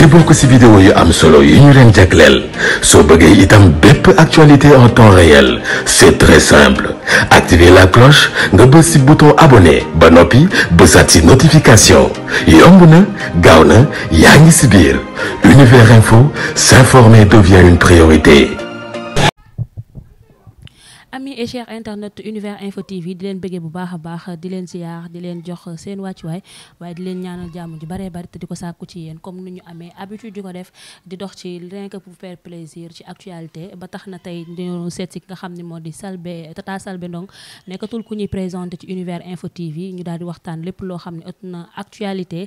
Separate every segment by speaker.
Speaker 1: ci bokk si vidéo yu am solo yu ñu leen jagleel soo bëggee
Speaker 2: itam bépp actualité en temps réel c'est très simple activer la cloche nga bës si bouton abonné ba noppi bësaat si notification yomb na
Speaker 1: gaaw na yaa ngi si biir univers info s'informer devient une priorité amis et internet univers info tv di leen bëgge bu baax baax di leen si siyaar di leen jox seen wàccuwaay waaye di leen ñaanal jàmm ju baree bari te di ko sàkku ci yéen comme nu ñu amee habitude di ko def di dox ci rien que pour faire plaisir ci actualité ba tax na tey ñu seet si nga xam ne moo di Selbé Tata Selbé nekkatul ku ñuy présenté ci univers info tv ñu daal di waxtaan lépp loo xam ne ëtt na actualité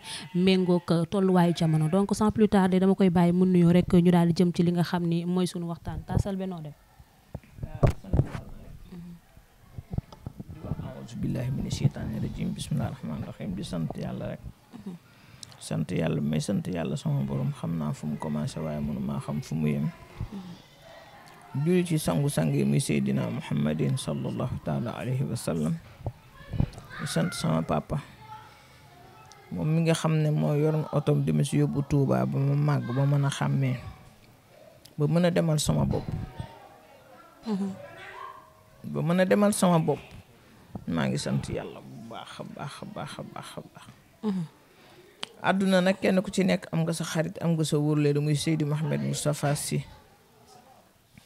Speaker 1: méngoog tolluwaayu jamono donc sans plus tarder dama koy bàyyi mu nuyoo rek ñu daal di jëm ci li nga xam ni mooy suñu waxtaan Tata Selbé
Speaker 2: billahi mina sheytaani rajim bisimilah rahmaani rahim di sant yàlla rek sant yàlla may sant yàlla sama borom xam naa fu mu commencé waaye mënu maa xam fu mu yem julli ci sangu-sang yi muy seydina muhammadin sallallahu taala alayhi wa sallam di sant sama papa moom mi nga xam ne moo yoroon otom dama si yóbbu Tuubaa ba ma màgg ba mën a xàmmee ba mën a demal sama bopp mm-hmm. ba mën a demal sama bopp maa ngi sant yàlla bu baax a baax a baax a baax a baax mm-hmm. àdduna nag kenn ku ci nekk am nga sa xarit am nga sa wóorlee da muy Seydi Mouhamed Moustapha si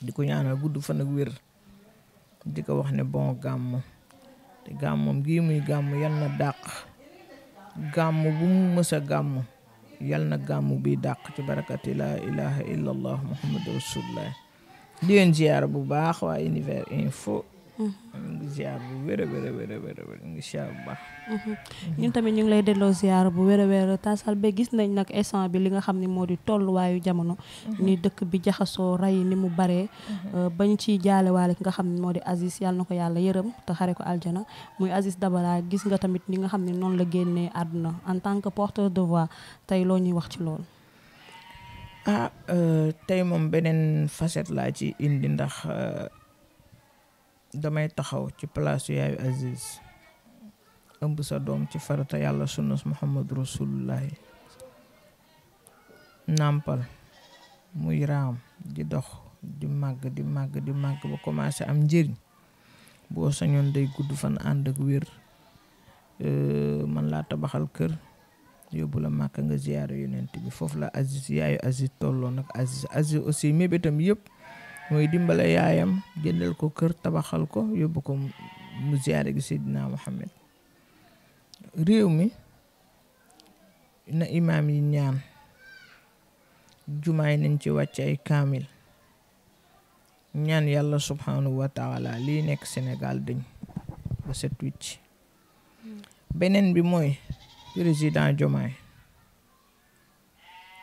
Speaker 2: di ko ñaanal gudd fan ak wér di ko wax ne bon gàmm te gàmmam gii muy gàmm yal na dàq gàmm bu mu mës a gàmm yal na gàmm bi dàq ci barakati laa ilaha illa muhammadu rasulullah di ziyaara bu baax waa univers info ñu mhm. ñun
Speaker 1: tamit ñu ngi lay delloo ziar bu wér a taasal ba gis nañ nag instant bi li nga xam ni moo di tolluwaayu jamono. Mhm. ni dëkk bi jaxasoo rey ni mu baree. Mhm. Euh, bañ ciy jaalewaale ki nga xam ne moo di Aziz yàlla na ko yàlla yërëm te xare ko aljana muy Aziz Dabala gis nga tamit li nga xam ne noonu la génnee àdduna en tant que porteur de voix tey loo ñuy wax ci lool
Speaker 2: ah, euh, tey moom beneen facette laa ci indi ndax. Euh, damay taxaw ci palaasu yaayu Aziz ëmb sa doom ci farata yàlla sunnas muhammad rasulullahi nàmpal muy raam di dox di màgg di màgg di màgg ba commencé am njëriñ boo sañoon day gudd fan ànd ak wér man laa tabaxal kër yóbbu la màkk nga ziyaara yonent bi foofu la Aziz yaayu Aziz tolloon ak Aziz Aziz aussi mébétam yëpp mooy dimbale yaayam jëndal ko kër tabaxal ko yóbbu ko mu ziyaare gi Seydina Muhammad réew mi na imaam yi ñaan jumaay nañ ci wàcc ay kaamil ñaan yàlla subhanahu wa taala lii nekk Sénégal dañ ba set wicc hmm. beneen bi mooy président Diomaye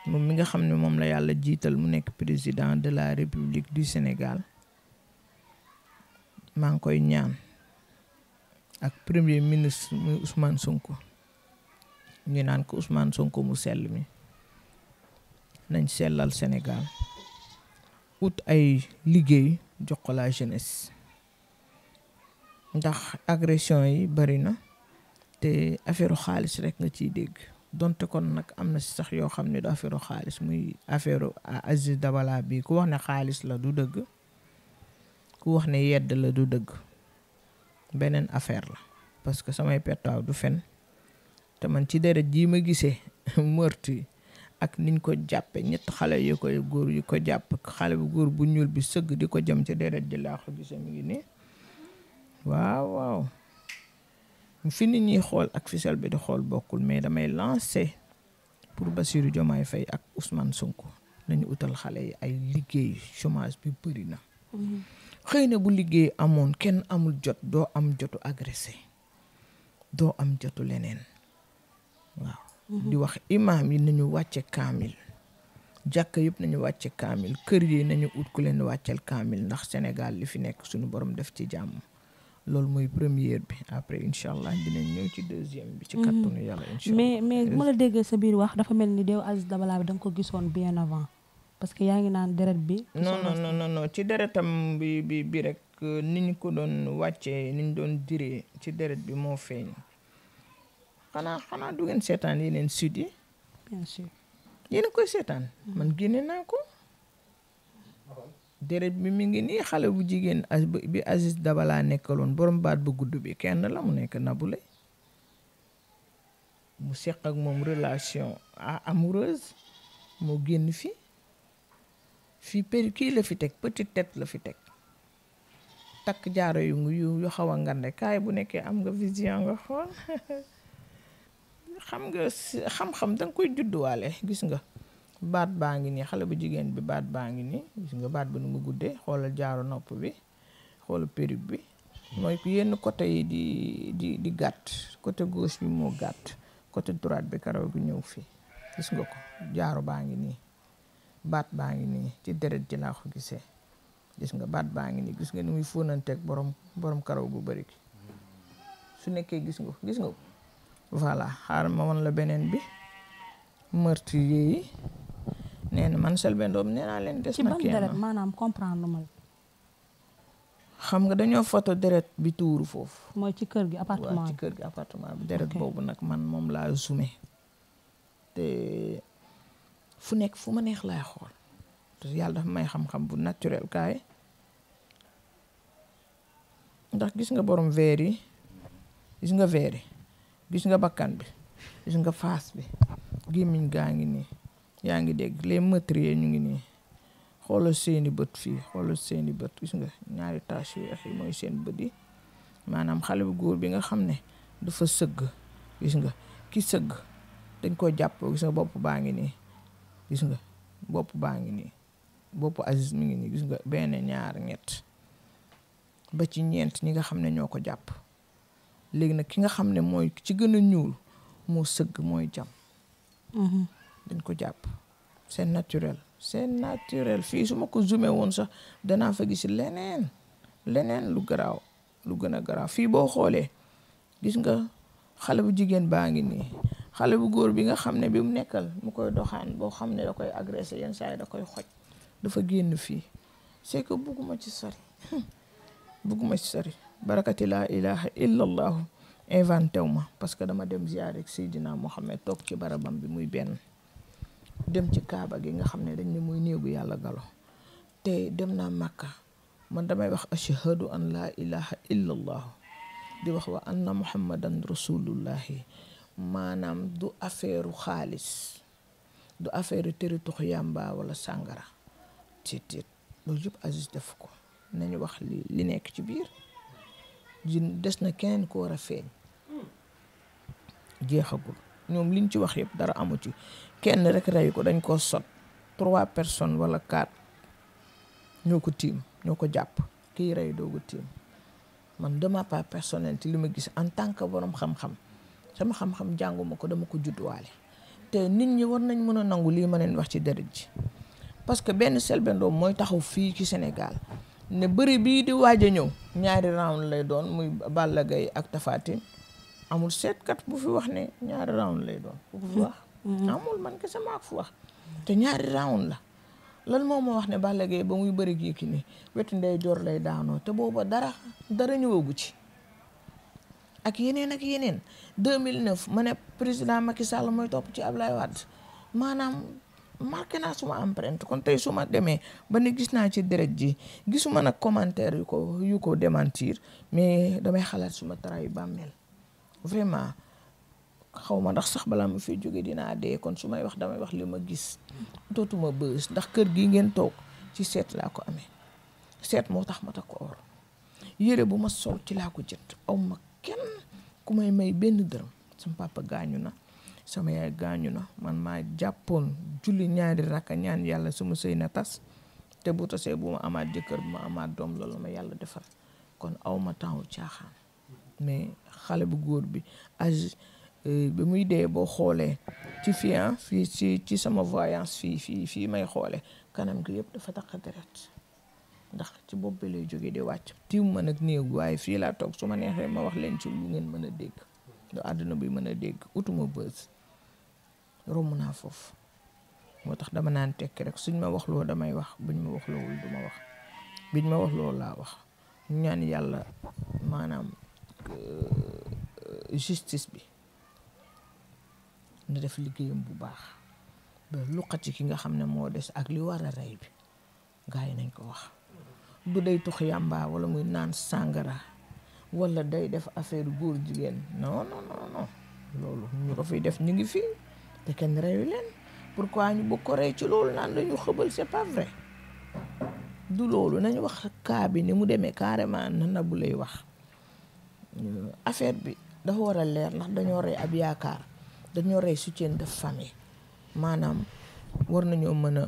Speaker 2: moom mi nga xam ne moom la yàlla jiital mu nekk président de la république du Sénégal maa ngi koy ñaan ak premier ministre muy Ousmane Sonko ñu naan ko Ousmane Sonko mu sell mi nañ sellal Sénégal ut ay liggéey jox ko la jeunesse ndax agression yi bari na te affaire xaalis rek nga ciy dégg. donte kon nag am na si sax yoo xam ne du affaire xaalis muy affaire Aziz Dabala bii ku wax ne xaalis la du dëgg ku wax ne yedd la du dëgg beneen affaire la parce que samay pettaaw du fen te man ci deret ji ma gisee meurtre yi ak niñ ko jàppee ñett xale yu koy góor yu ko jàpp xale bu góor bu ñuul bi sëgg di ko jëm ci deret ji laa ko gisee mu ngi nii waaw waaw fi nit ñi xool ak fi bi di xool bokkul mais damay lancer pour Bassirou Diomaye Faye ak Ousmane Sonko nañu utal xale yi ay liggéey chômage bi bëri na. Mhm. xëy na bu liggéey amoon kenn amul jot doo am jotu agressé doo am jotu leneen waaw. Mhm. di wax imaam yi nañu wàcce kaamil. jàkka yëpp nañu wàcce kaamil kër yi nañu ut ku leen wàcceel kaamil ndax Sénégal li fi nekk suñu borom def ci jàmm. loolu mooy première bi après incha allah dinañ ñëw ci deuxième bi. ci mhm. kattanu yàlla incha mais mais ma la
Speaker 1: déggee sa biir wax dafa mel ni deew Aziz Dabala bi da ko gisoon bien avant parce que yaa ngi naan deret bi. non non
Speaker 2: no non ci deretam bi bi bi rek euh, ni ñu ko doon wàccee ni ñu doon diree ci deret bi moo feeñ. xanaa xanaa du ngeen seetaan yeneen sud yi. bien koy seetaan. Mhm. man génne naa ko. deret bi mi ngi nii xale bu jigéen bi bi Aziz Dabala nekkaloon borom baat bu gudd bi kenn la mu nekk Nabou Leye mu seq ak moom relation amoureuse moo génn fi fii péri kii la fi teg petite tête la fi teg takk jaaro yu yu yu xaw a ngande kaay bu nekkee am nga vision nga xool xam nga xam-xam danga koy judduwaale gis nga baat baa ngi nii xale bu jigéen bi baat baa ngi nii gis nga baat bi nu mu guddee xoolal jaaro nopp bi xoolal perruque bi mooy yenn côté yi di di di gàtt côté gauche bi moo gàtt côté droite bi karaw gi ñëw fii gis nga ko jaaro baa ngi nii baat baa ngi nii ci deret ji ko gisee gis nga baat baa ngi nii gis nga ni muy fóonanteeg borom borom karaw gu bëri gi su nekkee gis nga ko gis nga ko voilà xaaral ma won la beneen bi meurtrier yi nee na man Selbé Ndom nee naa leen. des na deret
Speaker 1: maanaam comprendre
Speaker 2: ma xam nga dañoo foto deret bi tuuru foofu. mooy ci kër gi appartement kër gi appartement bi deret boobu nag man moom laa sume te fu nekk fu ma neex laay xool te yàlla dafa may xam-xam bu naturel kaay ndax gis nga boroom veer yi gis nga veer yi gis nga bakkan bi gis nga faas bi gémmiñ gaa ngi nii. yaa ngi dégg les meurtriers ñu ngi nii xoolal seeni bët fii xoolal seeni bët gis nga ñaari tache weex yi mooy seen bët yi maanaam xale bu góor bi nga xam ne dafa sëgg gis nga ki sëgg dañ koo jàpp gis bopp baa ngi nii gis nga bopp baa ngi nii bopp Aziz mi ngi gis nga benn ñaar ñett ba ci ñeent ñi nga xam ne ñoo ko jàpp léegi nag ki nga xam ne mooy ci gën a ñuul moo sëgg mooy jam mm-hmm. dañ ko jàpp c'est naturel c'est naturel fii su ma ko zoomé woon sax danaa fa gis leneen leneen lu garaaw lu gën a garaaw fii boo xoolee gis nga xale bu jigéen baa ngi nii xale bu góor bi nga xam ne bi mu nekkal mu koy doxaan boo xam ne da koy agressé yenn saa yi da koy xoj dafa génn fii c'est que bugguma ci sori bugguma ci sori barakati laa ilaha illallahu inventé wu ma parce que dama dem ziyaare ak Seydina Mohamed toog ci barabam bi muy benn dem ci kaaba gi nga xam ne dañ ne muy néegu yàlla galo te dem naa màkka man damay wax ashhadu an laa ilaha illa di wax wa anna muhammadan rasulullahi maanaam du affaire xaalis du affaire tëri tux yàmba wala sàngara tiit loolu yëpp Aziz def ko nañu wax li nekk ci biir des na keneen ko war a feeñ jeexagul ñoom liñ ci wax yëpp dara amu ci kenn rek reyu ko dañ koo sot trois personnes wala quatre ñoo ko tiim ñoo ko jàpp kii rey doo ko tiim man de ma part personnelle li ma gis en tant que borom xam-xam sama xam-xam jànguma ko dama ko judduwaale te nit ñi war nañ mën a nangu lii ma leen wax ci deret ji parce que benn Selbé Ndom mooy taxaw fii ci senegal ne bëri bii di waaj ñëw ñaari round lay doon muy Balla Gaye ak Tapha amul seetkat bu fi wax ne ñaari round lay doon bu fi wax Mm-hmm. amul man sama maa ko wax te ñaari round la lan moo ma wax ne Balla Gaye ba muy bëri gi ki ni wetu ndey joor lay daanoo te booba dara dara ñëwagu ci ak yeneen ak yeneen 2009 ma ne président Macky Sall mooy topp ci Ablaye Wade maanaam marqué naa suma empreinte kon tey su ma demee ba ne gis naa ci deret ji gisuma nag commentaire yu ko yu ko demantir mais damay xalaat suma tara yu bàmmeel vraiment xaw ma ndax sax balaa ma fay jóge dinaa dee kon su may wax damay wax li ma gis dootuma bës ndax kër gi ngeen toog ci seet laa ko amee seet moo tax ma takk or yére bu ma sol ci laa ko jënd aw ma kenn ku may may benn dërëm sama papa gaañu na sama yaay gaañu na man maa jàppoon julli ñaari rakka ñaan yàlla sama sëy na tas te bu tasee bu ma amaat jëkkër bu ma amaat doom loolu ma yàlla defal kon aw temps caaxaan mais xale bu góor bi âge Euh, bi muy dee boo xoolee ci fii ah fii ci ci sama voyance fii fii fii may xoole kanam gi yëpp dafa taq deret ndax ci bopp bi lay jóge di wàcc tiim ma nag néeg waaye fii laa toog su ma neexee ma wax leen ci lu ngeen mën a dégg lu àdduna bi mën a dégg utuma bës romb naa foofu moo tax dama naan tekki rek suñ ma wax loo damay wax bu ma wax loowul du ma wax biñ ma wax loolu laa wax ñaan yàlla maanaam euh, justice bi na def liggéeyam bu baax ba luqati ki nga xam ne moo des ak li war a rey bi gars yi nañ ko wax du day tux yàmba wala muy naan sàngara wala day def affaire góor jigéen non non loolu ñu ko fiy def ñu ngi fii te kenn reyu leen pourquoi ñu bëgg ko rey ci loolu naan dañu xëbal c'est du loolu nañ wax cas bi ni mu demee carrément na na lay wax euh, affaire bi dafa war a leer ndax dañoo rey ab yaakaar dañoo rey soutien de famille maanaam war nañoo mën a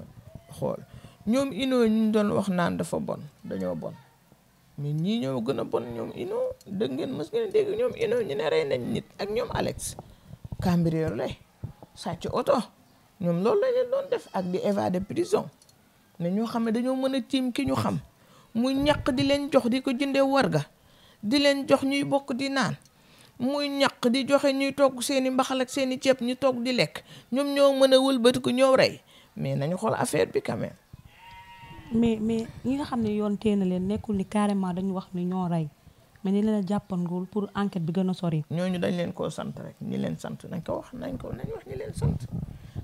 Speaker 2: xool ñoom Inoo ñu doon wax naan dafa bon dañoo bon mais ñii ñoo gën a bon ñoom Inoo dégg ngeen mës ngeen dégg ñoom Inoo ñu ne rey nañ nit ak ñoom Alex cambrioleur lay sàcc oto ñoom loolu la doon def ak di évadé prison ne ñoo xam ne dañoo mën a tiim ki ñu xam mu ñàq di leen jox di ko jëndee warga di leen jox ñuy bokk di naan muy ñaq di joxe ñuy togg seen i mbaxal ak ceeb ñu togg di lekk ñoom ñoo mën a ko ñoo rey mais nañu xool affaire bi quand mais mais ñi nga xam
Speaker 1: ne yoon tee na leen nekkul ni carrément dañu wax ni ñoo rey mais ni leen a pour enquête bi gën
Speaker 2: a sori. ñoo ñu dañ leen koo sant rek ñi leen sant nañ ko wax nañ ko nañ wax ñi leen sant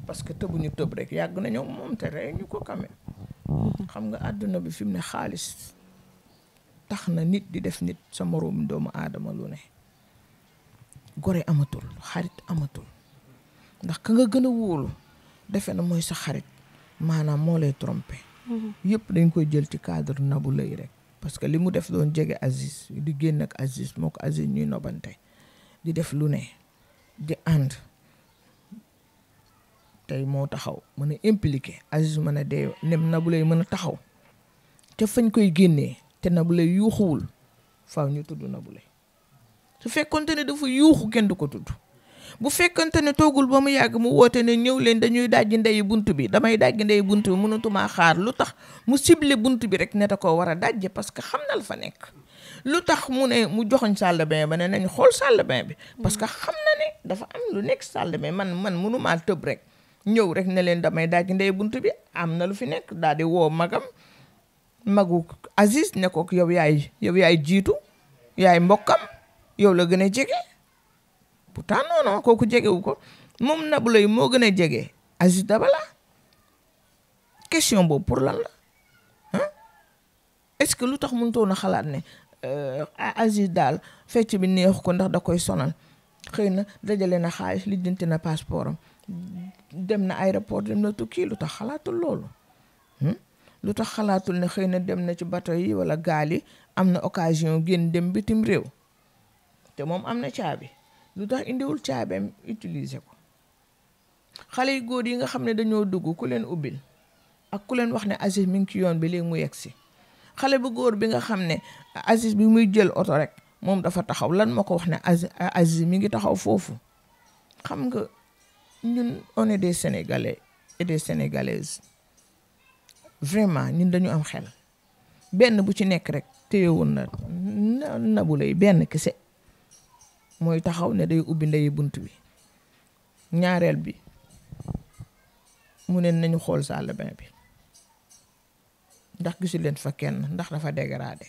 Speaker 2: parce que tëbuñu tëb rek yàgg nañoo moom te rey ñu ko quand mm-hmm. xam nga àdduna bi fi mu ne xaalis tax na nit di def nit sa moroom doomu aadama lu ne. gore amatul xarit amatul ndax ka nga gën a wóolu defe na mooy sa xarit maanaam moo lay trompé mm-hmm. yëpp dañ koy jël ci cadre nabu Leye rek parce que li mu def doon jege Aziz di génn ak Aziz moo ko Aziz ñuy nobante di def lu ne di ànd tey moo taxaw mën a impliqué Aziz mën a dee nem Nabou Leye mën a taxaw te fañ koy génnee te Nabou Leye yuuxuwul faaw ñu tudd Nabou Leye su fekkante ne dafa yuuxu kenn du ko tudd bu fekkante ne toogul ba mu yàgg mu woote ne ñëw leen dañuy dajji ndeyu bunt bi damay dajji bunt bi mënatumaa xaar lu tax mu cible bunt bi rek ne da koo war a dajje parce que xam na la fa nekk lu tax mu ne mu joxoñ salle ba ne nañ xool salle bi parce que dafa am lu nekk salle de man man mënumaa tëb rek ñëw rek ne leen damay dajji ndeyu bunt bi am na lu fi nekk daal woo magam magu Aziz ne ko yow yaay yow yaay jiitu yaay mbokkam yow la gën a jege pourtant non kooku jegewu ko moom Nabou Leye moo gën a jege Aziz Dabala question boobu pour lan la est-ce que lu tax mënutoon a xalaat ne euh, Aziz daal fecc bi neexu ko ndax da koy sonal xëy na dajale na xaalis lijjanti na passeport am dem na aéroport dem na tukki lu tax xalaatul loolu hmm? lu tax xalaatul ne xëy na dem na ci bateau yi wala gaal yi am na occasion génn dem bitim réew te moom am na caabi lu tax indiwul caabeem utiliser ko xale yu góor yi nga xam ne dañoo dugg ku leen ubbil ak ku leen wax ne Aziz mi ngi ci yoon bi léegi mu yegg si xale bu góor bi nga xam ne Aziz bi muy jël oto rek moom dafa taxaw lan ma ko wax ne Aziz mi ngi taxaw foofu xam nga ñun on est des sénégalais et vraiment ñun dañu am xel benn bu ci nekk rek téyewoon na na lay benn kese mooy taxaw ne day ubbi ndeyu bunt bi ñaareel bi mu ne nañu xool salle bain bi ndax gisu leen fa kenn ndax dafa dégradé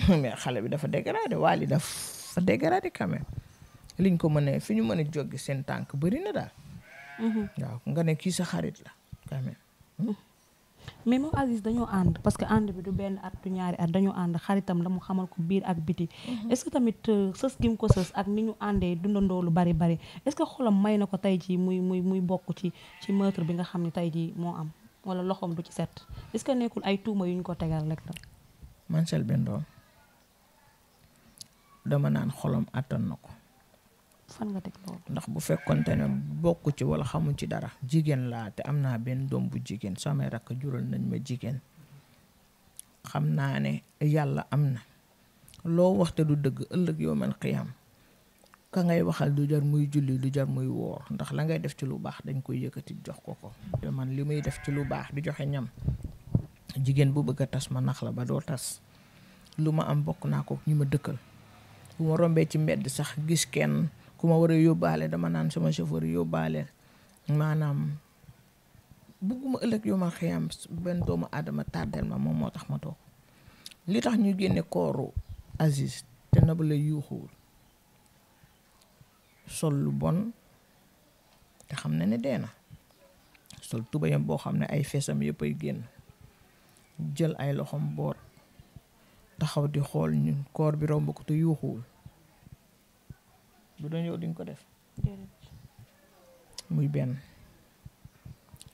Speaker 2: xale bi dafa dégradé waali dafa dégradé quand même liñ ko mën fi ñu mën a seen tànk bëri na daal mhm. waaw nga ne kii sa xarit la quand
Speaker 1: mais moom Aziz dañoo ànd parce que ànd bi du benn at du ñaari at dañoo ànd xaritam la mu xamal ko biir ak biti mm-hmm. est-ce que tamit euh, sës gi mu ko sës ak ni ñu àndee dundandoo lu bari bari est-ce que xolam may na ko tey jii muy muy muy bokk ci ci meurtre bi nga xam ni tey jii moo am wala loxoom du ci set est-ce que nekkul ay tuuma yu ñu ko tegal rek tam
Speaker 2: man Selbé Ndom dama naan xolom attan na ko
Speaker 1: fan nga teg loolu ndax bu fekkonte ne
Speaker 2: bokk ci wala xamu ci dara jigéen laa te am naa benn doom bu jigéen samay rakk jural nañ ma jigéen xam naa ne yàlla am na loo waxte du dëgg ëllëg yoo man xiyam ka ngay waxal du jar muy julli du jar muy woor ndax la ngay def ci lu baax dañ koy yëkkati jox ko ko te man li muy def ci lu baax di joxe ñam jigéen bu bëgg a tas ma nax la ba doo tas lu ma am bokk naa ko ñi ma dëkkal bu ma rombee ci mbedd sax gis kenn ku ma war a yóbbaale dama naan sama chauffeur yóbbaale maanaam bëgguma ëllëg yu ma xiyam benn doomu aadama tardel ma moom moo tax ma toog li tax ñu génne kooru Aziz te na ba la yuuxuwul sol lu bon te xam na ne dee na sol tubéyam boo xam ne ay feesam yëpp ay génn jël ay loxom boor taxaw di xool ñun koor bi romb ko te yuuxuwul bu doon yow duñ ko def muy benn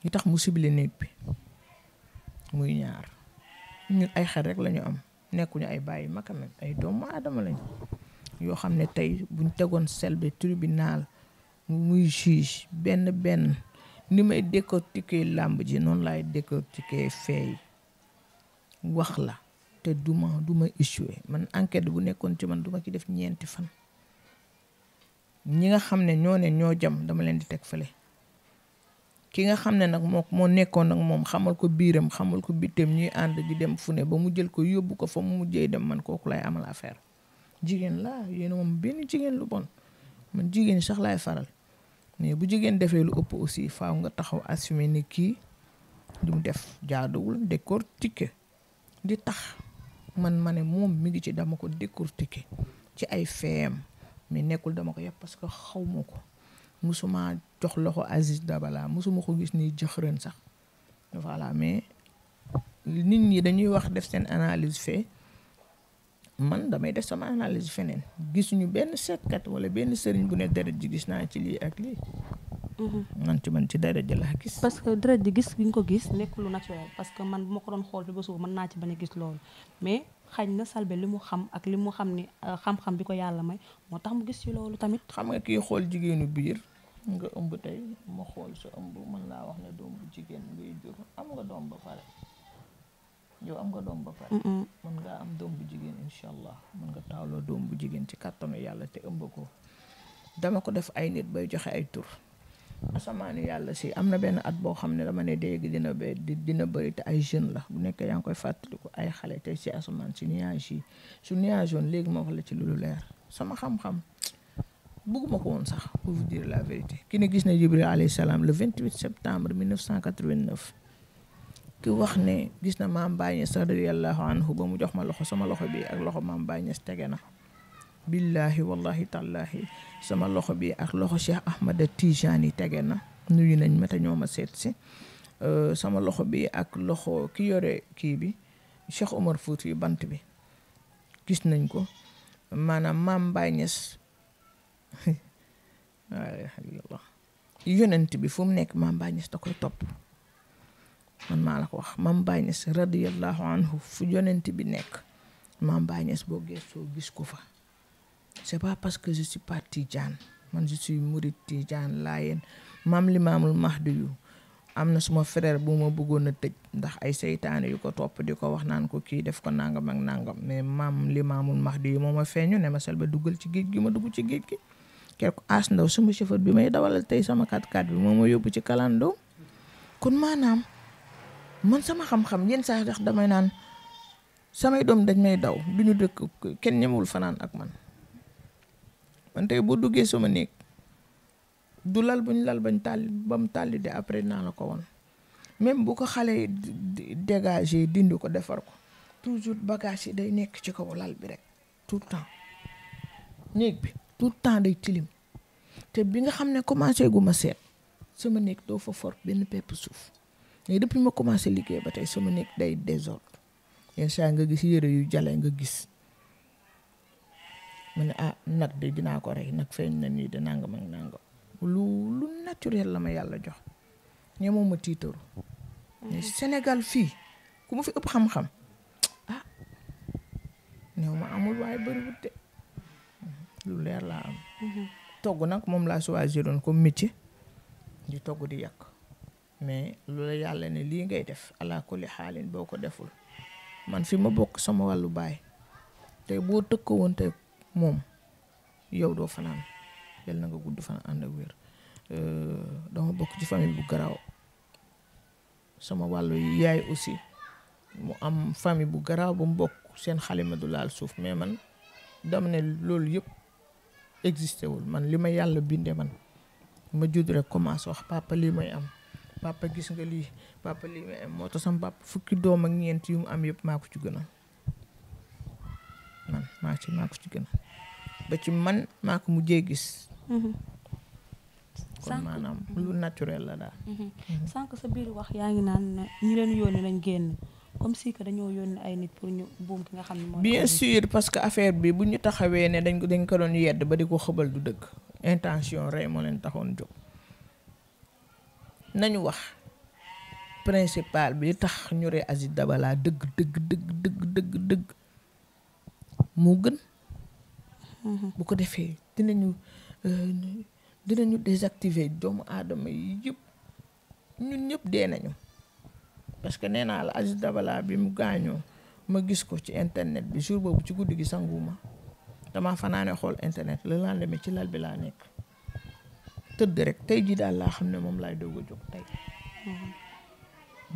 Speaker 2: li tax mu sibile néeg bi muy ñaar ñun ay xel rekk lañu am nekkuñu ay bàyyi ma quand même ay doomu aadama lañu yoo xam ne tey buñ tegoon selbe de muy juge benn benn ni may décortiquer làmb ji noonu laay décortiquer feey wax la te duma duma échoué man enquête bu nekkoon ci man duma ci def ñeenti fan ñi nga xam ne ñoo ne ñoo jam dama leen di teg fale ki nga xam ne nag moo moo nekkoon nag moom xamal ko biiram xamal ko bitteem ñuy ànd di dem fu ne ba mu jël ko yóbbu ko fa mu mujjee dem man kooku lay amal affaire jigéen laa yéen moom benn jigéen lu bon man jigéen sax laay faral mais bu jigéen defee lu ëpp aussi faaw nga taxaw assumer ne kii lu mu def jaaduwul décortiquer di tax man ma ne moom mi ngi ci dama ko décortiquer ci ay feem mais nekkul dama ko yëpp parce que xaw ma ko musuma jox loxo Aziz Dabala musuma ko gis ni jëxërën sax voilà mais nit ñi dañuy wax def seen analyse fee man damay def sama analyse feneen gisuñu benn seetkat wala benn sëriñ bu ne deret ji gis naa ci lii ak lii. Mhm. man ci man ci deret ji laa
Speaker 1: gis. parce que deret ji gis bi nga ko gis nekkulu lu naturel parce que man bu ma ko doon xool fi ba suba mën naa ci bañ a gis loolu mais. xaj na Selbé li mu xam ak li mu xam ni euh, xam-xam bi ko yàlla may moo tax mu gis ci loolu tamit.
Speaker 2: xam nga kii xool jigéenu biir nga ëmb tey ma xool sa ëmb mën laa wax ne doom bu jigéen ngay jur am nga doom ba pare yow am nga doom ba pare. mën ngaa am doom bu jigéen incha allah mën nga taawloo doom bu jigéen ci kàttanu yàlla te ëmb ko dama ko def ay nit bay joxe ay tur. asamaani yàlla si am na benn at boo xam ne dama ne dee gi dina be dina bëri te ay jeune la bu nekkee yaa ngi koy fàttaliku ay xale te si asamaan si nuage yi su nuage yoon léegi ma wax la ci lu leer sama xam-xam bëgguma ko woon sax pour vous la vérité ki ne gis na Jibril alayhi salaam le 28 septembre 1989 ki wax ne gis na maam Baay Ñas radiyallahu anhu ba mu jox ma loxo sama loxo bi ak loxo maam Baay Ñas tege na billaahi wallahi tallaahi sama loxo bi ak loxo Cheikh Ahmada yi tege na nuyu nañ ma ñoo ma seet si euh, sama loxo bi ak loxo ki yore kii bi Cheikh Omar Fouti bant bi gis nañ ko maanaam maam Baye Niass yonent bi fu mu nekk da koy topp man maa la ko wax maam Baye Niass radiyallahu anhu fu yonent bi nekk maam Baye boo geesoo gis ko fa c'est pas parce que je suis pas Tidiane man je suis Mouride laa Laayeen maam Limaamul Mahdi yu am na suma frère bu ma bëggoon a tëj ndax ay seytaane yu ko topp di ko wax naan ko kii def ko nangam ak nangam mais maam li Limaamul Mahdi yu moo ma feeñu ne ma sel ba duggal ci géej gi ma dugg ci géej gi. keroog as ndaw suma chauffeur bi may dawalal tey sama 4x4 bi moo ma yóbbu ci kalandoo kon maanaam man sama xam-xam yenn saa sax damay naan samay doom dañ may daw duñu dëkk kenn ñemewul fanaan ak man. man tey boo duggee sama néeg du lal buñ lal bañ tàlli ba mu tàlli de après naa la ko woon même bu ko xale dégagé dindi ko defar ko tout toujours bagage yi day nekk ci kaw lal bi rek tout le temps néeg bi tout le temps day tilim te bi nga xam ne commencé gu ma seet sama néeg doo fa for benn pepp suuf mais depuis ma commencé liggéey ba tey sama néeg day désordre yenn saa nga gis yére yu jale nga gis mu ne ah nag de dinaa ko rey nag feeñ na nii de nangam ak nangam lu lu naturel la ma yàlla jox ñe moom tiitaru Sénégal fii ku ma fi ëpp xam-xam ah néew ma amul waaye bëriwut de lu leer laa am togg nag moom laa choisir doon comme métier di togg di yàq mais loolu yàlla ne lii ngay def ala kulli xaalin boo ko deful man fi ma bokk sama wàllu baay tey boo tëkk woon tey moom yow doo fanaan yal na nga gudd fan ànd ak wér euh, dama bokk ci famille bu garaaw sama wàllu yaay aussi mu am famille bu garaaw ba mu bokk seen xalima du laal suuf mais man dama ne loolu yëpp existé wul man li ma yàlla bindee man ma judd rek commencé wax papa lii may am papa gis nga lii papa lii may am moo tax sama papa fukki doom ak ñeent yu mu am yëpp maa ko ci gënal man maa ci ko ci gënal ba ci man maa mu mujjee gis. Mhm. kon maanaam lu naturel la daal.
Speaker 1: Mhm. Mhm. sànq sa biir wax yaa ngi naan ñi leen yónni lañ génn comme si dañoo yónni ay nit pour ñu nga xam ne. bien
Speaker 2: sûr parce que affaire bi bu ñu taxawee ne dañ ko dañ ko doon yedd ba di ko xëbal du dëgg intention rey moo leen taxoon jóg nañu wax principal bi tax ñu rey Aziz Dabala dëgg dëgg dëgg dëgg dëgg dëgg moo gën. bu ko defee dinañu euh, dinañu désactiver doomu aadama yi yëpp ñun ñëpp dee nañu parce que nee naa la Aziz dabalaa bi mu gaañoo ma gis ko ci internet bi jour boobu ci guddi gi sanguma damaa fanaane xool internet le lendemain ci lal bi laa nekk tëdd rek tey jii daal laa xam ne moom laay doog a jóg tey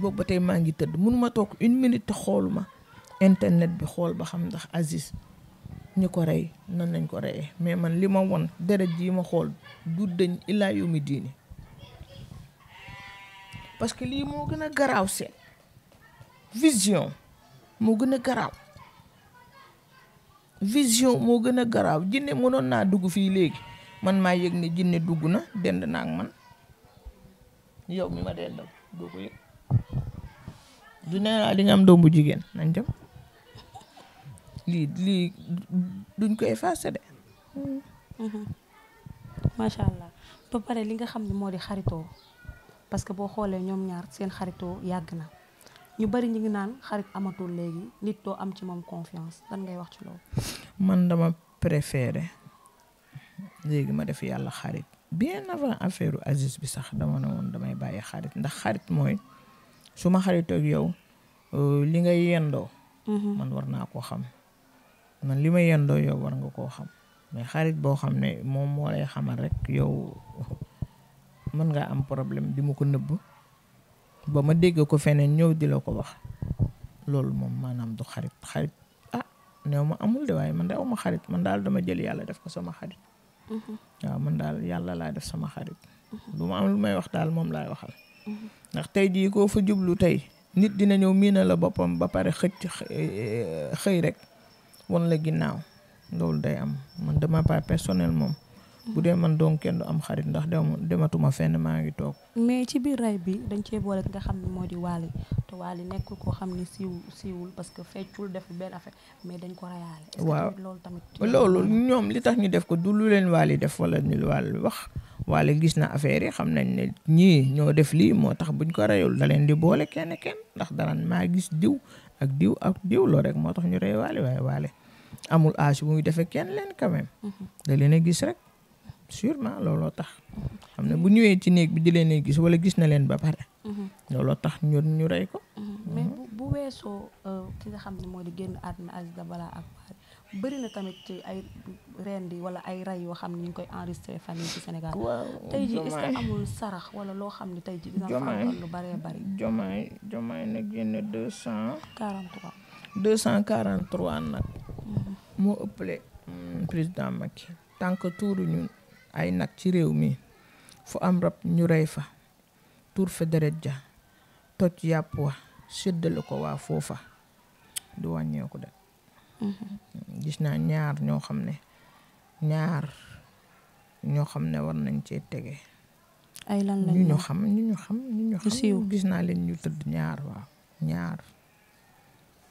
Speaker 2: boobu ba tey maa ngi tëdd mënuma toog une minute te xooluma internet bi xool ba xam ndax Aziz ñu ko rey nan nañ ko reyee mais man li ma won deret ji ma xool du dëñ illaa yawmi diini parce que lii moo gën a garaaw seet vision moo gën a garaaw vision moo gën a garaaw jinne mënoon naa dugg fii léegi man maa yëg ne jinne dugg na dend naa ak man yow mi ma dendal doo ko yëg naa di nga am doom jigéen nañ dem lii lii duñ koy effacé de.
Speaker 1: Mm-hmm. macha allah ba pare li nga xam ne moo di xaritoo parce que boo xoolee ñoom ñaar seen xaritoo yàgg na ñu bari ñu ngi naan xarit amatul léegi nit doo am ci moom confiance lan ngay wax ci loolu.
Speaker 2: man dama préféré léegi ma def yàlla xarit bien avant affaire Aziz bi sax dama ne woon damay bàyyi xarit ndax xarit mooy su ma xaritoo ak yow euh, li nga yendoo mm-hmm. man war naa ko xam. man li ma yendoo yow war nga koo xam mais xarit boo xam ne moom moo lay xamal rek yow mën nga am problème di ma ko nëbb ba ma dégg ko feneen ñëw di la ko wax loolu moom maanaam du xarit xarit ah néew ma amul de waaye man de ma xarit man daal dama jël yàlla def ko sama xarit mhm. waaw man daal yàlla laa def sama xarit lu mhm. ma am lu may wax daal moom laay waxal mhm. ndax tey di koo fa jublu tey nit dina ñëw miina la boppam ba pare xëcc xëy rek wan la ginnaaw loolu day am man de ma personnel moom. bu dee man donc kenn du am xarit ndax dematuma fenn maa ngi toog.
Speaker 1: ci biir ray bi dañ cee boole nga xam ne moo di Wally te Wally nekkul koo xam ne siiw siiwul parce que feccul def benn affaire mais dañ ko waaw loolu tamit. loolu ñoom li tax
Speaker 2: ñu def ko du lu leen yi def wala ñu Wally wax Wally gis na affaire yi xam nañ ne ñii ñoo def lii moo tax buñ ko rayul da leen di boole kenn kenn ndax dara maa gis diw ak diw ak diw loolu rek moo tax ñu rey Wally waaye Wally amul âge bu muy defee kenn leen quand même. Mhm. da leen a gis rek sûrement looloo tax. Mhm. xam ne bu ñëwee ci néeg bi di leen a gis wala gis na leen ba pare. Mhm. looloo tax ñu ñu rey ko.
Speaker 1: mais bu weesoo euh, ki nga xam ne moo di génn àdduna Aziz Dabala ak bëri na tamit ci ay rendi wala ay ray yoo xam ne ñu ngi koy enregistré famille ci Sénégal. waaw tey jii est-ce amul sarax wala loo xam ne tey jii. dina fa lu
Speaker 2: bëree bëri. Jomaay Jomaay nag génn deux cent. quarante trois. deux cent quarante trois nag. moo ëppale mm, président Macky tànk tuuru ñu ay nag ci réew mi fu am rab ñu rey fa tuur fa deret ja toj yàpp wa séddale ko waa foofa du wàññeeku de mm-hmm. mm, gis naa ñaar ñoo xam ne ñaar ñoo xam ne war nañ cee tege ay lan lañ ñu ñu xam ñu ñu xam ñu ñu xam gis naa leen ñu tëdd ñaar waaw ñaar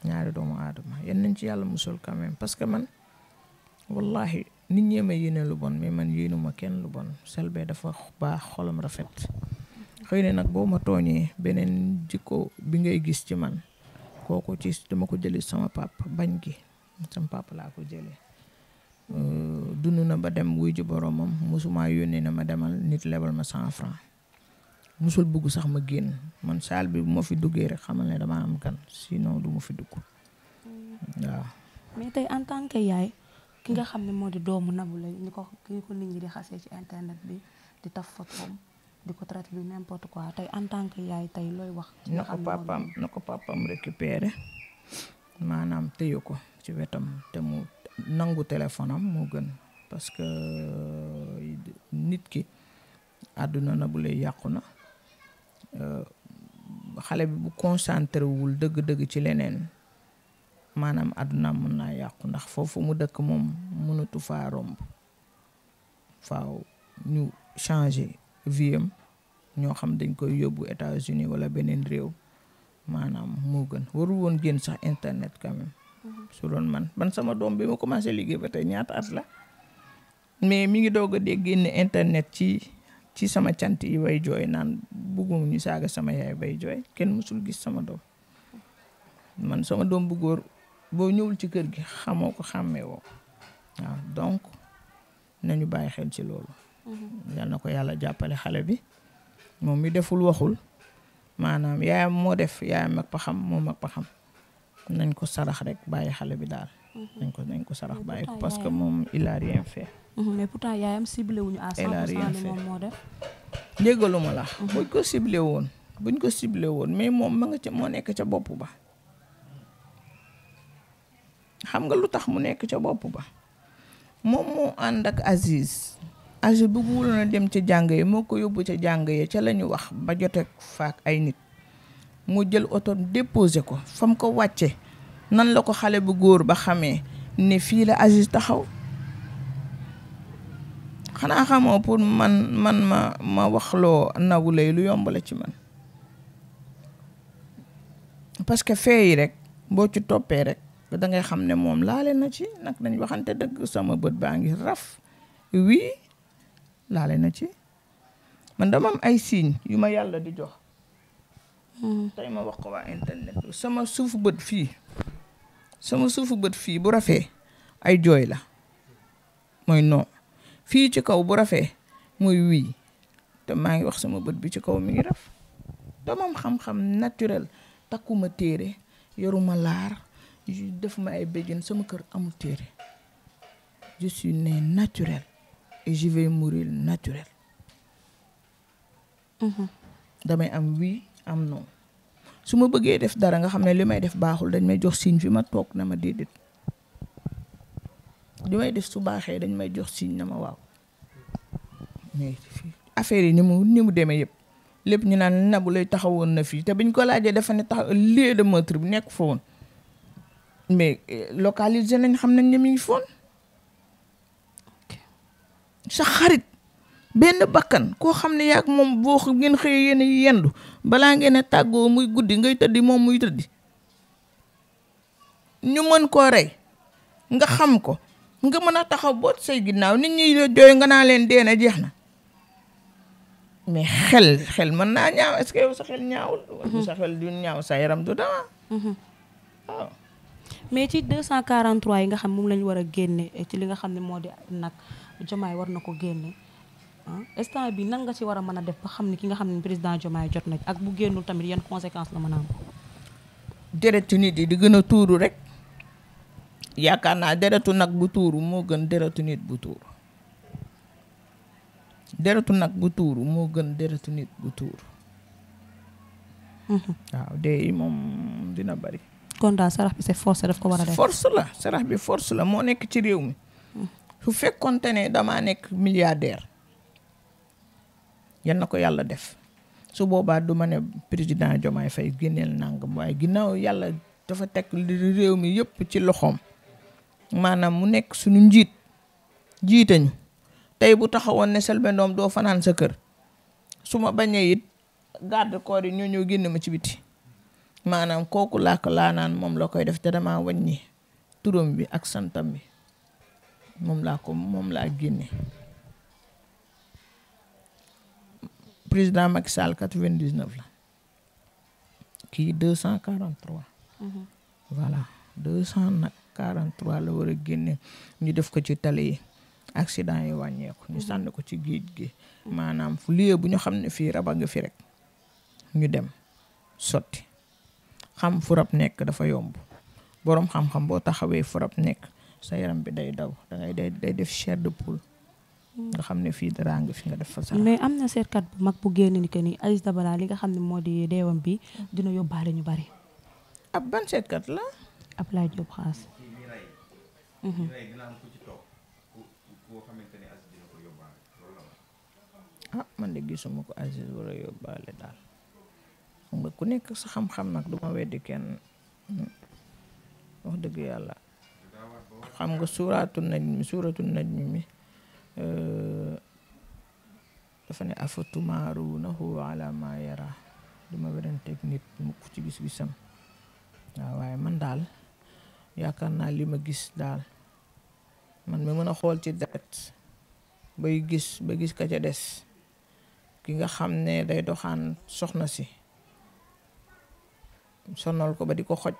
Speaker 2: ñaari doomu aadama yéen nañ ci yàlla musul quand même parce que man wallahi nit ñee may yéene lu bon mais man yéenuma kenn lu bon Selbé dafa baax xolam rafet xëy ne nag boo ma tooñee beneen jikko bi ngay gis ci man kooku ci dama ko jëlee sama papa bañ gi sama papa laa ko jëlee euh, dund na ba dem wuy ji boromam mosumaa yónnee na ma demal nit lebal ma cent franc mosul bugg sax ma génn man saal bi bu ma fi duggee rek xamal ne dama am gan sinon du fi dugg
Speaker 1: waaw. mais tey en tant yaay ki nga xam ne moo di doomu Nabou Leye ni ko ki ko nit ñi di xasee ci internet bi di taf fotoom di ko traité bi n'importe quoi tey en tant yaay tey looy wax. na ko papaam na ko
Speaker 2: papaam récupéré maanaam téye ko ci wetam te mu nangu téléphone am moo gën parce que euh, nit ki àdduna Nabou Leye yàqu na. Euh, xale bi bu concentré wul dëgg-dëgg ci leneen maanaam àdduna mën naa yàqu ndax foofu mu dëkk moom mënatu faa romb faaw ñu changer vie ñoo xam dañ koy yóbbu États-Unis wala beneen réew maanaam moo gën warul woon génn sax internet quand mhm. su doon man man sama doom bi ma commencé liggéey ba tey ñaata at la mais mi ngi doog a dégg génn internet ci ci sama cant yi bay jooy naan bëgguma ñu saaga sama yaay bay jooy kenn mësul gis sama doom man sama doom bu góor boo ñëwul ci kër gi xamoo ko xàmmee woo donc nañu bàyyi xel ci loolu mm-hmm. yal na ko yàlla jàppale xale bi moom mi deful waxul maanaam yaayam moo def yaayam ak paxam moom ak paxam nañ ko sarax rek bàyyi xale bi daal mm-hmm. nañ ko nañ ko sarax bàyyi ko parce que moom il rien fait
Speaker 1: Mhm. mais pourtant yaayam ciblé wuñu à 100% ne moo def.
Speaker 2: la. Mhm. buñ ko ciblé woon buñ ko ciblé woon mais moom ma nga ca moo nekk ca bopp ba. xam nga lu tax mu nekk ca bopp ba moom moo ànd ak Aziz Aziz bëgguwul na dem ca jàng yi moo ko yóbbu ca jàng yi ca la wax ba jote faak ay nit mu jël oto déposé ko fam ko wàcce nan la ko xale bu góor ba xamee ne fii la Aziz taxaw xanaa xamoo pour man man ma ma waxloo Nabou Leye lu yomb la ci man parce que fee rek boo ci toppee rek da ngay xam ne moom laale na ci nag dañ waxante dëgg sama bët baa ngi raf wii laale na ci man dama ay signes yu ma yàlla di jox hmm. tey ma wax ko waa internet sama suufu bët fii sama suufu bët fii bu rafee ay jooy la mooy non fii ci kaw bu rafee muy wii te maa ngi wax sama bët bi ci kaw mi ngi raf damam xam-xam naturel takkuma téere yoruma laar def ma ay béjjén sama kër amul téere je suis naturel et je vais mourir naturel mm-hmm. damay am wii am non su ma bëggee def dara nga xam ne li may def baaxul dañ may jox signe bi ma toog na ma déedéet di may def su baaxee dañ may jox signe na ma waaw mais yi ni mu ni mu demee yëpp lépp ñu naan nabu lay taxawoon na fii te biñ ko laajee dafa ne tax lieu de meurtre bi nekk fa woon mais eh, localisé nañ xam nañ ne mi ngi foon sa xarit benn bakkan koo xam ne yaag moom boo ngeen xëyee yéen yendu balaa ngeen a tàggoo muy guddi ngay tëddi moom muy tëddi ñu mën koo rey nga xam ko nga mën a taxaw boot say ginnaaw nit ñi la jooy nga naa leen dee na jeex na mais xel xel mën naa ñaaw est-ce que yow sa xel ñaawul. Mhm. sa xel du ñaaw sa yaram du dara. Mhm. waaw.
Speaker 1: mais ci 243 yi nga xam moom la ñu war a génne eh, ci li nga xam ne moo di nag Diomaye war na ko génne ah, instant bi nag nga ci war a mën a def ba xam ne ki nga xam ne président Diomaye jot na
Speaker 2: ak bu génnul tamit yan conséquences la mën a am. deret nit yi di gën a tuuru rek. yaakaar naa deretu nag bu tuuru moo gën deretu nit bu tuuru deretu nag bu tuuru moo gën deretu nit bu tuuru mhm. waaw dee moom dina bari
Speaker 1: kon daal sarax bi c'est force def
Speaker 2: force la bi force la moo nekk ci réew mi fu mhm. fekkoonte ne damaa nekk milliardaire yal na ko yàlla def su boobaa du ma ne président Diomaye Faye génneel nangam waaye ginnaaw yàlla dafa teg réew mi yépp ci loxoom maanaam mu nekk suñu njiit jiitañu tey bu taxawoon ne Selbé Ndom doo fanaan sa kër su ma bañee it gàdd corps yi ñoo ñëw génn ma ci biti maanaam kooku làkk laa naan moom la koy def te damaa wàññi turam bi ak santam bi moom laa ko moom laa génne président Macky Sall 99 la kii 243. Mhm. voilà 200 nag. 43 la war a génne ñu def ko ci tali yi accident yi wàññeeku ñu sànni ko ci géej gi maanaam fu lieu bu ñu xam ne fii raba nga fi rek ñu dem sotti xam fu rab nekk dafa yomb boroom xam-xam boo taxawee fu rab nekk sa yaram bi day daw dangay day day def chair de poule nga xam ne fii dara nga fi nga def fa sax mais
Speaker 1: am na seetkat bu mag bu génn ni que ni Aziz Dabala li nga xam ne moo di deewam bi dina yóbbaale ñu bari
Speaker 2: ab ban seetkat la Ablaye Mm-hmm. ñu ne ah man de gisuma ko Aziz war a yóbbaale daal xam nga ku nekk sa xam-xam nag du weddi kenn wax dëgg yàlla xam nga suuratu najmi suuratu najmi mi euh, dafa ne afatumaaruunahu ala ma yara duma werante ak mukk ci gis-gisam waaw waaye man daal yaakaar naa li ma gis daal man mi mën a xool ci deret bay gis ba gis ka ca des ki nga xam ne day doxaan soxna si sonal ko ba di ko xoj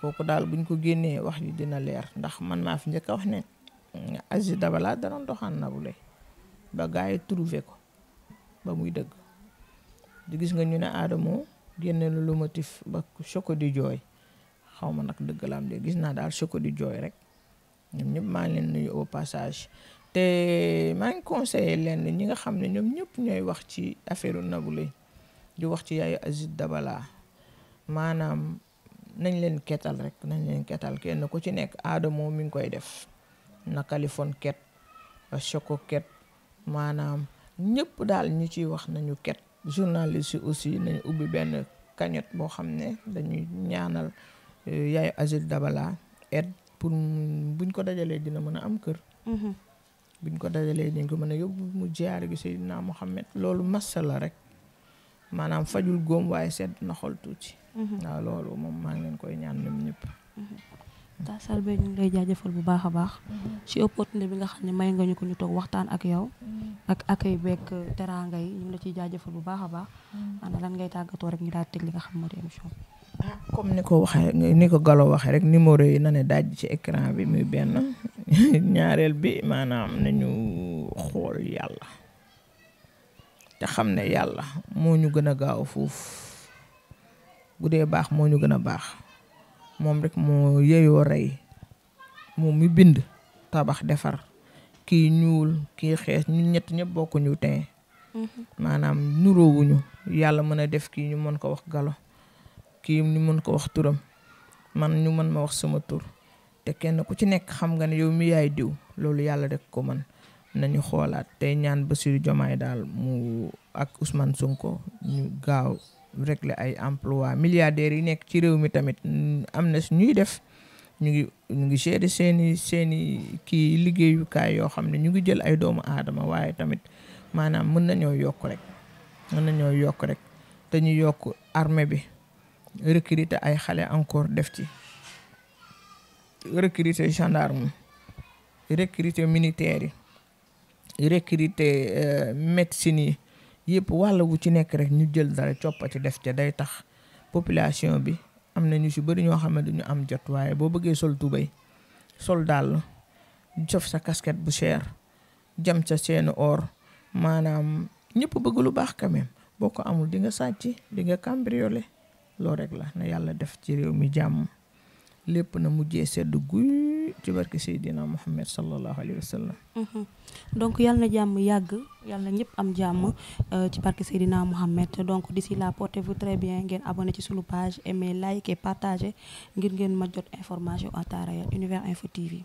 Speaker 2: kooku daal buñ ko génnee wax ji dina leer ndax man naa fi njëkk a wax ne Aziz Dabala danoon doxaan Nabou Leye ba gars yi trouvé ko ba muy dëgg di gis nga ñu ne Adamo génne lu motif ba Choco di jooy xaw ma nag dëgg la am gis naa daal Choco di jooy rek ñoom maa ngi leen nuyu au passage te maa ngi conseillé lenn ñi nga xam ne ñoom ñëpp ñooy wax ci affaire nagule Leye wax ci yaayu Aziz Dabala maanaam nañ leen ketal rek nañ leen ketal kenn ku ci nekk aadamoo mi ngi koy def na Kaliphone ket Choco ket maanaam ñëpp daal ñu ciy wax nañu ket journaliste yi aussi nañu ubbi benn cagnotte boo xam ne dañuy ñaanal euh, yaayu Aziz Dabala aide pour buñ ko dajalee dina mën a am kër. Mhm. buñ ko dajalee dinañ ko mën a yóbbu mu jaare gi naa Muhammad loolu massa la rek maanaam fajul góom waaye sedd na xol tuuti. Mhm. waaw loolu moom maa ngi leen koy ñaan ñoom ñëpp. Mhm.
Speaker 1: taa Selbé ñu ngi lay jaajëfal bu baax a baax. ci opportunité bi nga xam ne may nga ñu ko ñu toog waxtaan ak yow. ak akay beeg euh, teraanga yi ñu la ciy jaajëfal bu baax a baax. ana lan ngay tàggatoo rek ñu daal teg li nga xam ma di émission
Speaker 2: Ah, comme ni ko waxee ni ko galo waxee rek numéro yi na ne daj ci écran bi muy benn ñaareel bi maanaam nañu xool yàlla te xam ne yàlla moo ñu gën a gaaw foofu bu dee baax moo ñu gën a baax moom rek moo yeyoo rey moom mi bind tabax defar kii ñuul kii xees ñun ñett ñëpp bokkuñu ñu mhm. maanaam nuroowuñu yàlla mën a def kii ñu mën ko wax galo kii ñu mën ko wax turam man ñu mën ma wax sama tur te kenn ku ci nekk xam nga ne yow mi yaay diw loolu yàlla rek ko man nañu xoolaat tey ñaan Bassirou Diomaye daal mu ak Ousmane Sonko ñu gaaw régler ay emploi milliardaires yi nekk ci réew mi tamit am na si ñuy def ñu ngi ñu ngi gérer seeni seeni kii liggéeyukaay yoo xam ne ñu ngi jël ay doomu aadama waaye tamit maanaam mën nañoo yokk rek mën nañoo yokk rek te ñu yokk armée bi recrité ay xale encore def ci recruter gendarme recruter militaire yi recruter euh, médecine yi yëpp wàll wu ci nekk rek ñu jël dara coppati def ca day tax population bi am na ñu si bëri ñoo xam ne du ñu am jot waaye boo bëggee sol tubéy sol dàll jof sa casquette bu cher jam sa seeni or maanaam ñëpp bëgg lu baax quand même boo ko amul di nga sàcc di nga cambriolé loolu rek la na yàlla def ci réew mi jàmm lépp na mujjee sedd guy ci barke Seydina Muhammad sallallahu alayhi wa sallam.
Speaker 1: Mhm. donc yàlla na jàmm yàgg yàlla na ñëpp am jàmm euh, ci barke Seydina Muhammad donc d'ici là portez-vous très bien ngeen abonné ci sunu page aimé like et partagé ngir ngeen ma jot information en temps réel Univers Info TV